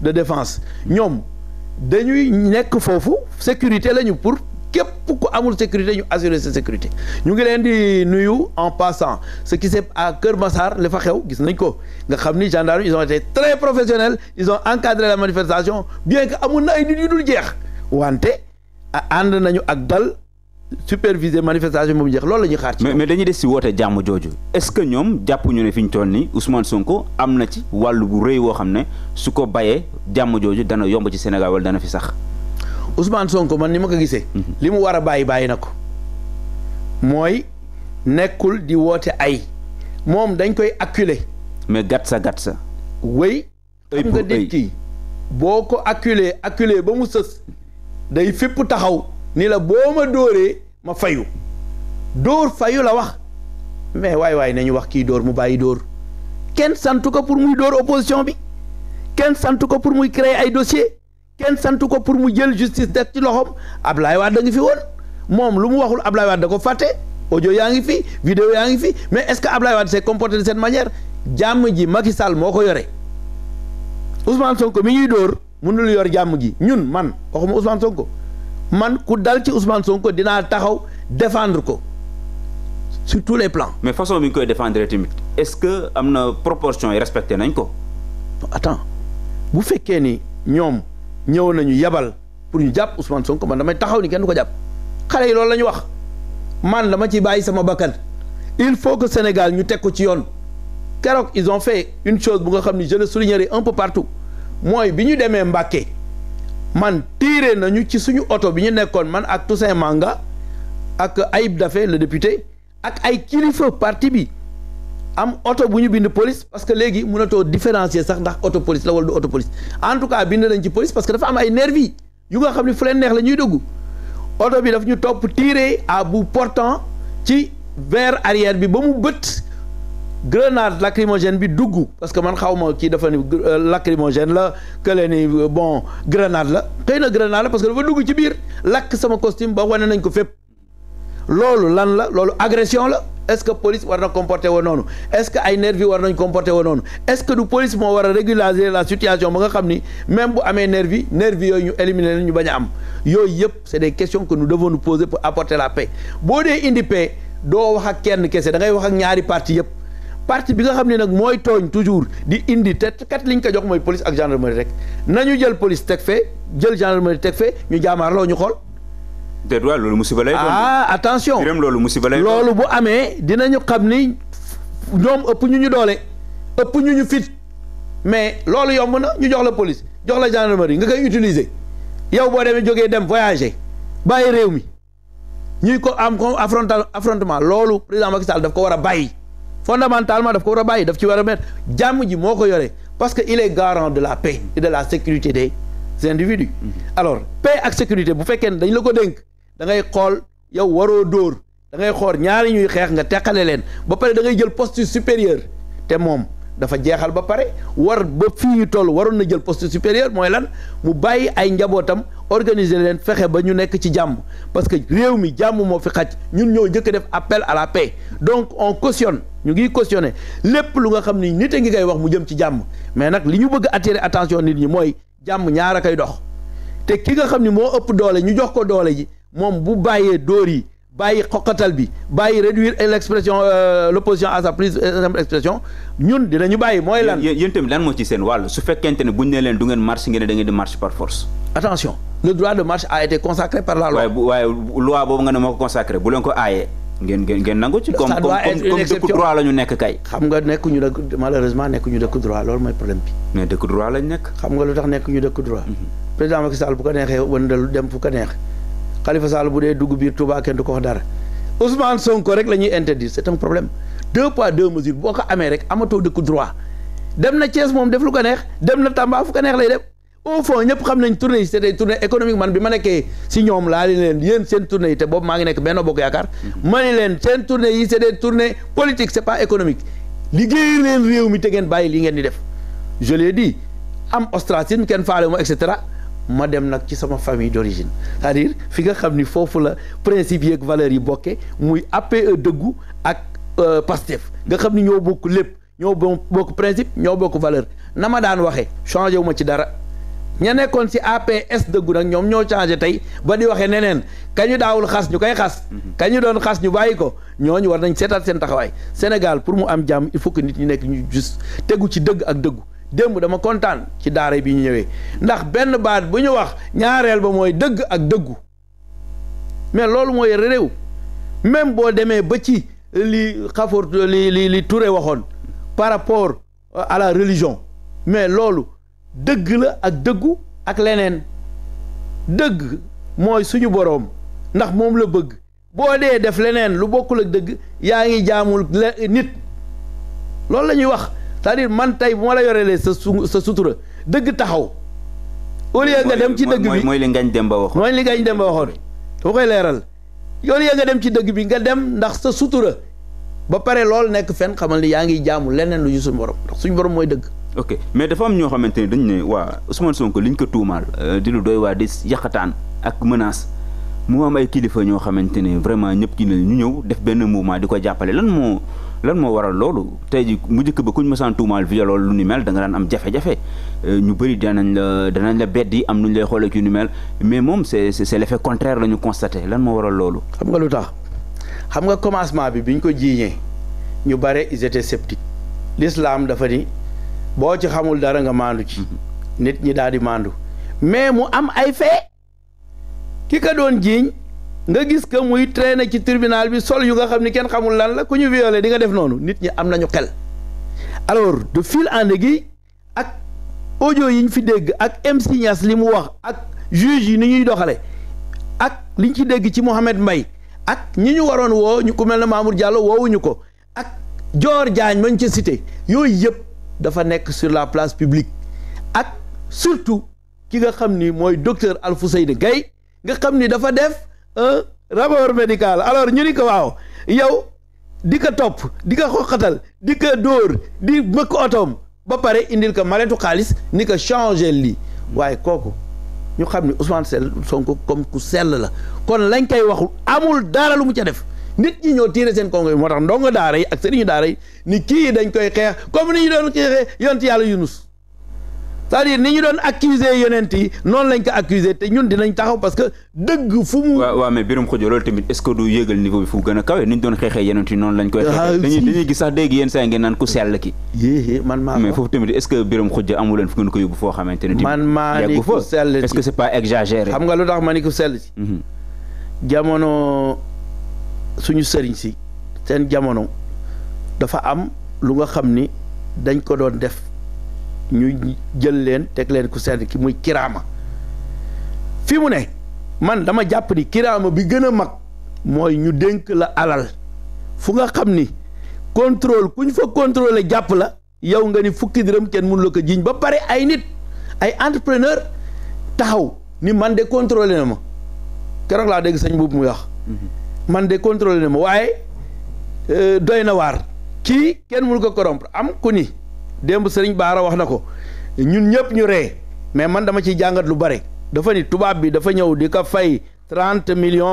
de défense ñoom dañuy nekk foofu sécurité lañu pour képp ku amul sécurité ñu assurer sa sécurité ñu ngi leen di nuyu en passant ce qui s'est à Kër Massar le fa xew gis nañ ko nga xam ni gendarme ils ont été très professionnels ils ont encadré la manifestation bien que amul na ay nit yu dul jeex wante ànd nañu ak dal superviser manifestation moom jeex loolu la ñuy xaar ci. mais mais dañuy des si woote jàmm jooju est-ce que ñoom jàppuñu ñu ne fi ñu toll nii Ousmane Sonko am na ci wàll bu rëy woo xam ne su ko bayee jàmm jooju dana yomb ci Sénégal wala dana fi sax. Ousmane Sonko man ni ma ko gisee. Mhm. li mu war a bàyyi bàyyi na ko. mooy nekkul di woote ay moom dañ koy acculé. mais gàtt sa gàtt sa. wéy. xam nga nit ki boo ko acculé acculé ba mu sës day fépp taxaw ni la boo ma dóoree. ma fayu dóor fayu la wax mais waay waay nañu wax kii dóor mu bàyyi dóor kenn santu ko pour muy dóor bi kenn santu ko pour muy créer ay dossier kenn santu ko pour mu jël justice def ci loxoom ablaay waa da nga fi woon moom lu mu waxul Ablaye Wade da ko fàtte audio yaa ngi fi vidéo yaa ngi fi mais est-ce que Ablaye Wade s'est comporté de cette manière jàmm ji Macky Sall moo ko yore Ousmane Sonko mi ñuy dóor mënul yor jàmm ji ñun man waxuma Ousmane Sonko man ku dal ci Ousmane Sonko dinaa taxaw défendre ko surtout les plans. mais façon bi ñu koy défendre tamit est-ce que am na proportion yi respecté nañ ko. attends bu fekkee ni ñoom ñëw nañu yabal pour ñu jàpp Ousmane Sonko man damay taxaw ni kenn du ko jàpp xale yi loolu la ñu wax man dama ci bàyyi sama bakkan il faut que Sénégal ñu teg ko ci yoon keroog ils ont fait une chose bu nga xam ni je le soulignerai un peu partout mooy bi ñu demee Mbàkke. man tiire nañu ci suñu oto bi ñu nekkoon man ak Toussaint Manga ak Ayib dafe le député ak ay kilifa parti bi am oto bu ñu bind police parce que léegi munatoo différencier sax ndax oto police la wala du oto police en tout cas bind nañ ci police parce que dafa am ay nervi yu nga xam ni fu leen neex la ñuy dugg oto bi daf ñu topp tiire à bout portant ci verre arrière bi ba mu bët grenade lacrymogène bi dugg parce que man xaw ma kii dafa ni euh, lacrymogène la que leen ni euh, bon grenade la xëy na grenade la parce que dafa dugg ci biir lakk sama costume ba wane nañ ko fépp loolu lan la loolu agression la est-ce que police war na comporter woon noonu est-ce que ay nervi war nañ comporter woon noonu est-ce que du police moo war a régulariser la situation ba nga xam ni même bu amee nervi nervi yooyu ñu éliminer leen ñu bañ a am yooyu yëpp c'est des questions que nous devons nous poser pour apporter la paix dee indi doo wax ak kese da ngay wax ak ñaari parti yëpp parti bi nga xam ne nag mooy tooñ toujours di indi te kat liñ ko jox mooy police ak gendarmerie rek na ñu jël police teg fe jël gendarmerie teg fe ñu jaamaarloo ñu xool. déet waay loolu musiba lay doon ah attention loolu musiba lay loolu bu amee dina dinañu xam ni ñoom ëpp ñu ñu doole ëpp ñu ñu fit mais loolu yomb na ñu jox la police jox la gendarmerie nga koy utiliser yow boo demee jógee dem voyager bàyyi réew mi ñuy ko am ko affrontement loolu président Macky Sall daf ko war a bàyyi. fondamentalement daf ko war a bàyyi daf ci war a mettre jàmm ji moo ko yore parce que il est garant de la paix de la sécurité de des individus mhm. alors paix ak sécurité bu fekkee ne dañ la ko dénk dangay xool yow waroo dóor dangay xool ñaari ñuy xeex nga teqale leen ba pare da ngay jël poste supérieur te moom dafa jeexal ba pare war ba fii ñu toll waroon na jël poste supérieur mooy lan mu bàyyi ay njabootam organiser leen fexe ba ñu nekk ci jàmm parce que réew mi jàmm moo fi xaj ñun ñoo njëkk def appel à la paix donc on cautionne ñu ngi cautionné lépp lu nga xam ni nit a ngi koy wax mu jëm ci jàmm mais nag li ñu bëgg attirer attention nit ñi mooy jàmm ñaar a koy dox te ki nga xam ni moo ëpp doole ñu jox ko doole ji moom bu bàyyee dóor yi bàyyi xoqatal bi bàyyi réduire l'expression euh, l'opposition à sa prise euh, expression dinañu bàyyi mooy lan. yéen tamit lan moo ci seen wàll su fekkente ne buñ ne leen du ngeen marche ngeen ne da ngeen di marche par force. attention le droit de marche a été consacré par la loi. bu waaye loi boobu nga ne moo consacré bu leen ko aayee. ngeen nangu ci. comme dëkku droit la nekk kay. xam nga nekkuñu dëkku droit loolu mooy problème bi. mais dëkku droit lañ nekk. xam nga lu tax nekkuñu dëkku droit. Mhm. président Macky Sall bu ko neexee Khalifa Sall bu dee dugg biir Touba kenn du ko wax dara Ousmane Sonko rek la ñuy interdire c'est un problème deux poids deux mesures boo ko amee rek amatoo dëkku droit dem na Thiès moom def lu ko neex dem na Tamba fu ko neex lay def au fond ñëpp xam nañ tournée yi c'était tournée économique man bi ma nekkee si ñoom laa leen yéen seen tournée yi te boobu maa ngi nekk Benno Bokk Yaakaar mm-hmm. ma ne leen seen tournée yi c'est des tournées politiques c'est pas économique liggéey leen réew mi te bàyyi li ngeen di def je l'ai dit am ostracisme kenn faale mo et cetera ma dem nag ci sama famille d'origine cest à fi nga xam ni foofu la principe yi ak valeurs yi bokke muy APE dëggu ak euh, Pastef nga xam ni ñoo bokk lépp ñoo bokk principe ñoo bokk valeur na ma daan waxee changé wu ma ci dara ña nekkoon si APS dëggu nag ñoom ñoo changé tey ba di waxee neneen kañu daawul xas ñu koy xas mhm. kañu doon xas ñu bàyyi ko ñooñu war nañ seetaat seen taxawaay Sénégal pour mu am jàmm il faut que nit ñi nekk ñu juste tegu ci dëgg ak dëggu démb dama kontaan ci daara bi ñu ñëwee ndax benn baat bu ñu wax ñaareel ba mooy dëgg ak dëggu mais loolu mooy réew même boo demee ba ci li xafor li li ture waxoon par rapport euh, à la religion mais loolu dëgg la ak dëggu ak leneen dëgg mooy suñu boroom ndax moom la bëgg boo dee def leneen lu bokkul ak dëgg yaa ngi jaamul nit loolu la ñuy wax cest man tey bu ma la yorelee sa su sa sutura dëgg taxaw. au lieu nga dem ci dëgg bi mooy li ngañ dem ba waxoon mooy li ngañ dem ba waxoon dama koy leeral. au lieu nga dem ci dëgg bi nga dem ndax sa sutura ba pare loolu nekk fenn xamal ni yaa ngi jaamu leneen lu ñu suñ borom ndax suñu borom mooy dëgg. ok mais dafa am ñoo xamante ne dañu ne waa Ousmane Sonko liñ ko tuumaal euh, di lu doy waa di yàqataan ak mënaas mu am ay kilifa ñoo xamante ne vraiment ñëpp ki ñu ñëw def benn mouvement di ko jàppale lan moo. lan moo waral loolu tey ji mu njëkk ba ku ñu mësaan tuumaal viol lu ni mel da nga daan am jafe-jafe euh, ñu bëri danañ la danañ la beddi am nu ñu lay xoolee ci nu mel mais moom c'est c'est l'effet contraire la ñu constaté lan moo waral loolu. xam nga lu tax xam nga commencement bi bi ñu ko jiiñee ñu bare ils étaient sceptiques l'islam dafa ni boo ci xamul dara nga maandu ci. Mm-hmm. nit ñi daal di maandu mais mu am ay fait ki ka doon jiiñ. nga gis que muy traîner ci tribunal bi sol yu nga xam ni kenn xamul lan la ku ñu violé di nga def noonu nit ñi am nañu xel alors de fil en aiguille ak audio yi ñu fi dégg ak MC Niass li mu wax ak juge yi ni ñuy doxale ak liñ ci dégg ci Mouhamed mbay ak ñi ñu waroon woo ñu ku mel ne Mamour Diallo woowuñu ko ak Dior Diagne mañ ci site yooyu yëpp dafa nekk sur la place publique ak surtout ki nga xam ni mooy docteur Alfousseyni gay nga xam ni dafa def un rapport médical alors ñu ni ko waaw yow di ko topp di ko xoqatal di ko dóor di bëkk otoom ba pare indil ko maletu xaalis ni ko changé lii waaye kooku ñu xam ni Ousmane Sell Sonko comme ku sell la kon lañ koy waxul amul dara lu mu ca def nit ñi ñoo tiire seen kongo yi moo tax ndongo daara ak sëriñu daara yi ni kii dañ koy xeex comme ni ñu doon xeexee yonti yàlla Yunus c'est-à-dire ni ñu doon accuser yonent yi noonu lañ ko accuser te ñun dinañ taxaw parce que dëgg fu mu. waaw me mais Biram Khoudia loolu tamit est-ce que du yéegal niveau bi fu gën a kawe ni ñu doon xeexee yonent yi noonu lañ koy. ah dañuy dañuy gis sax dégg yéen saa ngeen naan ku sell ki. yéen ne. man maa ni ku sell ci est mhm. jamono suñu sëriñ si seen jamono am lu nga xam ni dañ ko doon def ñu jël leen teg leen ku seen ki muy kiraama fi mu ne man dama jàpp ni kiraama bi gën a mag mooy ñu dénk la alal fu nga xam ni contrôle ku ñu fa contrôler jàpp la yow nga ni fukki dërëm kenn mënu la ko jiiñ ba pare ay nit ay entrepreneur taxaw ni man de contrôlé na ma keroog laa dégg sañ boobu mu yox man de contrôlé na ma waaye euh, doy na waar kii kenn mënu ko corrompre am ku ni démb sëriñ Baara wax na ko ñun ñëpp ñu ree mais man dama ciy jàngat lu bare dafa ni tubaab bi dafa ñëw di ko fay trente millions